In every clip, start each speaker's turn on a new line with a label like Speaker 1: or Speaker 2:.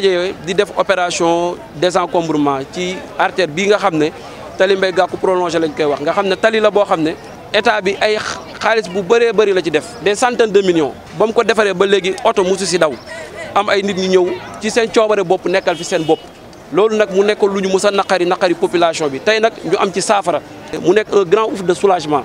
Speaker 1: dajee di def opération désencombrement ci artère bii nga xam ne tali Mbaye Gakou prolongé lañ koy wax nga xam ne tali la boo xam ne état bi ay xaalis bu bëree bari la ci def des centaines de millions ba mu ko defaree ba léegi oto musu si daw am ay nit ñi ñëw ci seen coobare bopp nekkal fi seen bopp loolu nag mu nekk lu ñu mus a naqari naqari population bi tey nag ñu am ci saafara mu nekk un grand ouf de soulagement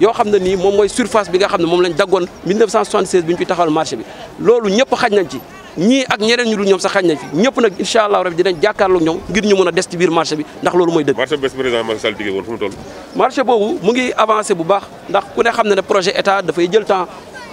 Speaker 1: yoo xam ne nii moom mooy surface bi nga xam ne moom lañ daggoon 1976 bi ñu fi taxawal marché bi loolu ñëpp xaj nañ ci ñii ak ñeneen ñu dul ñoom sax xaj nañ fi ñëpp nag incha allah rabi dinañ jàkkaarloog ñoom ngir ñu mën a des ci biir marché bi ndax loolu mooy dëgg. marché bés président mu boobu mu ngi avancé bu baax ndax ku ne xam na ne projet état dafay jël temps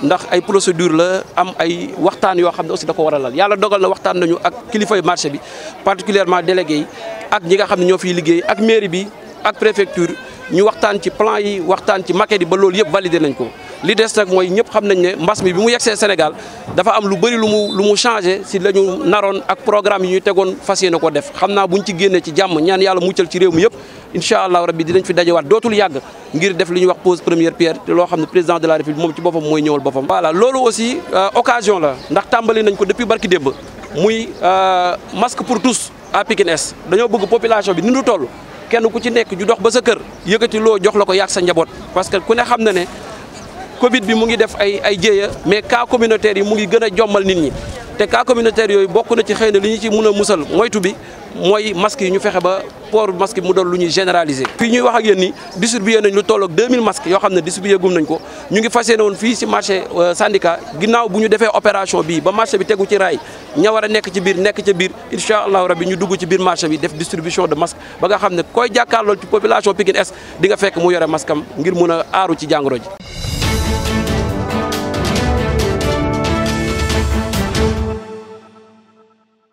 Speaker 1: ndax ay procédure la am ay waxtaan yoo xam ne aussi da ko war a lal yàlla dogal na waxtaan nañu ak kilifay marché bi particulièrement délégué yi ak ñi nga xam ne ñoo fiy liggéey ak mairie bi ak préfecture ñu waxtaan ci plan yi waxtaan ci maquette yi ba loolu yëpp validé nañ ko li dess nak moy ñepp xam nañ ne mbass mi bi mu yegsee Sénégal dafa am lu bari lu mu lu mu changer ci lañu ñu ak programme yi ñu tegoon fas yéene ko def xamna buñ ci génné ci jamm ñaan Yalla muccël ci réew mi yëpp inshallah allah rabbi dinañ fi dajé dajewaat dotul yàgg ngir def li ñuy wax pose première pierre te loo xam président de la république mom ci boppam moy ñëwul boppam voilà loolu aussi euh, occasion la ndax tambali nañ ko depuis barki démb muy euh, masque pour tous à Pikine dañu bëgg population bi ni ñu kenn ku ci nekk ju dox ba sa kër yëkkatiloo loo jox la ko yàgg sa njaboot parce que ku ne xam na ne Covid bi mu ngi def ay ay jéeya mais kaa communautaire yi mu ngi gën a jommal nit ñi te cas communautaire yooyu bokk na ci xëy na li ñu ci mën a musal moytu bi mooy masques yi ñu fexe ba port masque mu doon lu ñuy généraliser. fii ñuy wax ak yéen ni distribué nañ lu toll ak 2000 masques yoo xam ne distribué gum ko ñu ngi fas yéene woon fii si marché euh, syndicat ginnaaw bu ñu defee opération bi ba marché bi tegu ci raay ña war a nekk ci biir nekk ca biir incha allahu rabi ñu dugg ci biir marché bi def distribution de masque ba nga xam ne koy jàkkaarloo ci population Pikine Est di nga fekk mu yore masque am ngir mun a aaru ci jàngoro ji.